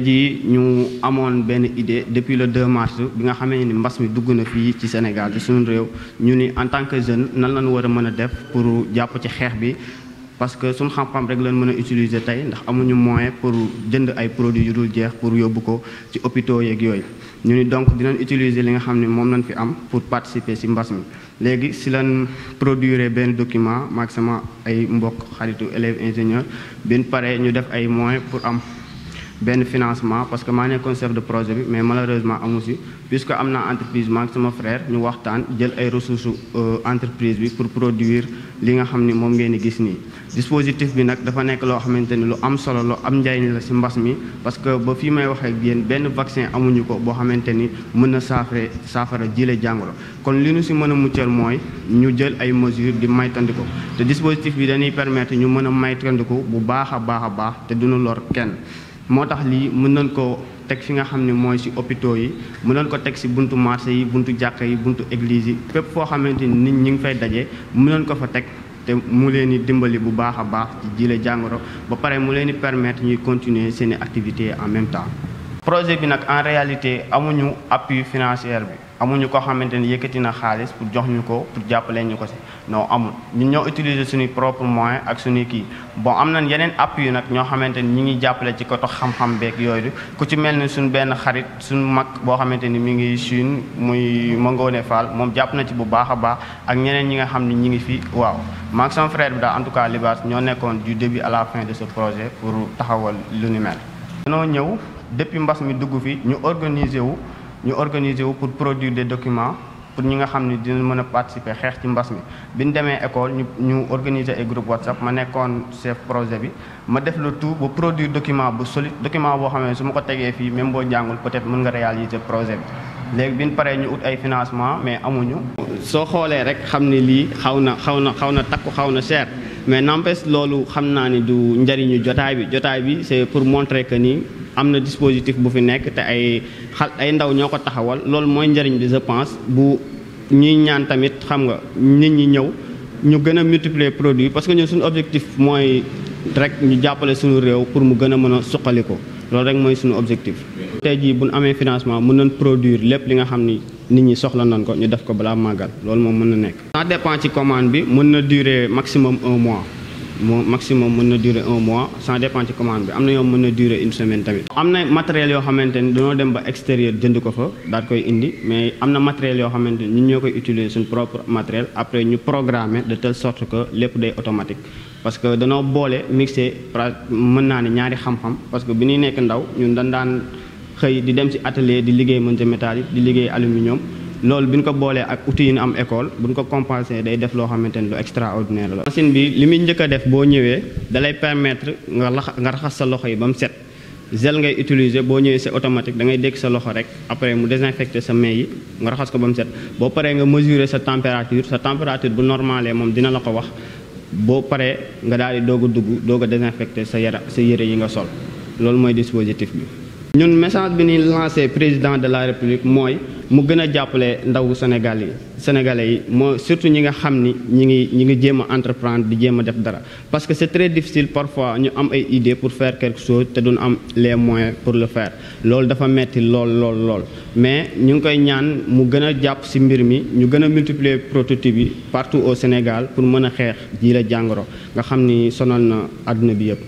tey ñu amone ben idée depuis le 2 mars bi nga xamé ni mbass mi dugg na fii ci Sénégal ci suñu réew ñu ni en tant que jeune nan lañu wara mëna def pour japp ci xeex bi parce que suñu xam-xam rek lañ mëna utiliser tay ndax amuñu moyen pour jënd ay produits yu dul jeex pour yobuko ko ci hôpitaux yeeg yooyu ñu ni donc dinañ utiliser li nga xamné mom lañ fi am pour participer ci mbass mi légui si lañ produire ben document maximum ay mbokk xaritu élève ingénieur bin paré ñu def ay moyen pour am benn financement parce que maa nekkoon chef de projet bi mais malheureusement amu si puisque am naa entreprise ma sama frère ñu waxtaan jël ay ressources euh, entreprise bi pour produire li nga xam ni moom ngeen gis nii. dispositif bi nag dafa nekk loo xamante ni lu am solo lu am ni la si mbas mi parce que ba fii may waxee ak yéen benn vaccin amuñu ko boo xamante ni mën na saafara saafara jile jàngoro kon li ñu si mën a muccal mooy ñu jël ay mesures di maytandiko te dispositif bi dañuy permettre ñu mën a maytandiku bu baax a baax a baax te duñu lor kenn. moo tax lii mën nañ koo teg fi nga xam ni mooy ci hôpitaux yi mën nañ ko teg ci buntu marché yi buntu jàkka yi buntu église yi fépp foo xamante ni nit ñi ngi fay daje mën nañ ko fa teg te mu leen di dimbali bu baax a baax ci jile jàngoro ba pare mu leen di permettre ñuy continuer seeni activités en même temps projet bi nag en réalité amuñu appui financière bi amuñu ko xamante ni yëkkati na xaalis pour jox ñu ko pour jàppale ñu ko si non amul ñun ñoo utiliser suñuy propre ak suñuy kii bon am nañ yeneen appui yu nag ñoo xamante ni ñi ngi jàppale ci koto xam-xam beeg yooyu ku ci mel ni suñ benn xarit suñ mag boo xamante ni mi ngi Chine muy Mangone Fall moom jàpp na ci bu baax a baax ak ñeneen ñi nga xam ni ñi ngi fi waaw maag sama frère bi daal en tout cas Libaas ñoo nekkoon du début à fin de ce projet pour taxawal lu ni danoo ñëw depuis mbass mi dugg fi ñu organiser wu ñu organiser wu pour produire des documents pour ñi nga xam ne dinañ mën a participer xeex ci mbas mi biñ ñu demee école ñu ñu organiser ay groupe whatsapp ma nekkoon chef projet bi ma def le tout ba produire document bu solide document boo xam ne su ma ko tegee fii même boo jàngul peut-être mën nga réaliser projet bi léegi bi ñu paree ñu ut ay financement mais amuñu. soo xoolee rek xam ne lii xaw na xaw na xaw na takku xaw na cher. mais n'empêche loolu xam naa ni du njëriñu jotaay bi jotaay bi c'est pour montrer que ni am na dispositif bu fi nekk te ay xal ay ndaw ñoo ko taxawal loolu mooy njëriñ bi je pense bu ñuy ñaan tamit xam nga nit ñi ñëw ñu gën a multiplier produit parce que ñu suñu objectif mooy rek ñu jàppale suñu réew pour mu gën a mën a suqali ko loolu rek mooy suñu objectif. tey jii bu ñu amee financement mën nañ produire lépp li nga xam ni. nit ñi soxla nañ ko ñu def ko balaa màggal loolu moom mën na nekk. ça dépend ci commande bi mën na durer maximum un mois mo maximum mën na durer un mois ça dépend ci commande bi am na yoo mën na durer une semaine tamit. am na matériel yoo xamante ni dañoo dem ba extérieur jënd ko fa daal koy indi mais am na matériel yoo xamante ni ñun ñoo koy utiliser suñu propre matériel après ñu programmer de telle sorte que lépp day automatique. parce que danoo boole mixer mën naa ne ñaari xam-xam parce que bi ñuy nekk ndaw ñun dañ daan. xëy di dem ci atelier di liggéey monte métallique di liggéey aluminium loolu bi ñu ko boolee ak outil yi nu am école bu ñu ko compensé day def loo xamante ni lu extraordinaire la. machine bi li muy njëkk a def boo ñëwee dalay permettre nga lax nga raxas sa loxo yi ba mu set gel ngay utiliser boo ñëwee sa automatique da ngay dégg sa loxo rek après mu désinfecter sa may yi nga raxas ko ba mu set boo paree nga mesurer sa température sa température bu normalee moom dina ko wax boo paree nga daal di doog a dugg doog a désinfecter sa yara sa yére yi nga sol loolu mooy dispositif bi. ñun message bi ni lancé président de la république moy mu gëna a ndawu Sénégalais. sénégalais yi surtout ñi nga xam ni ñi ngi ñi ngi entreprendre di jéem def dara parce que c'est très difficile parfois ñu am ay idée pour faire quelque chose té duñ am les moyens pour le faire lool dafa metti lool lool lool mais ñu ngi koy ñaan mu gëna japp ci mbir mi ñu gëna multiplier prototype yi partout au Sénégal pour mëna a xeex ji la jàngoro nga xamni sonal na aduna bi yépp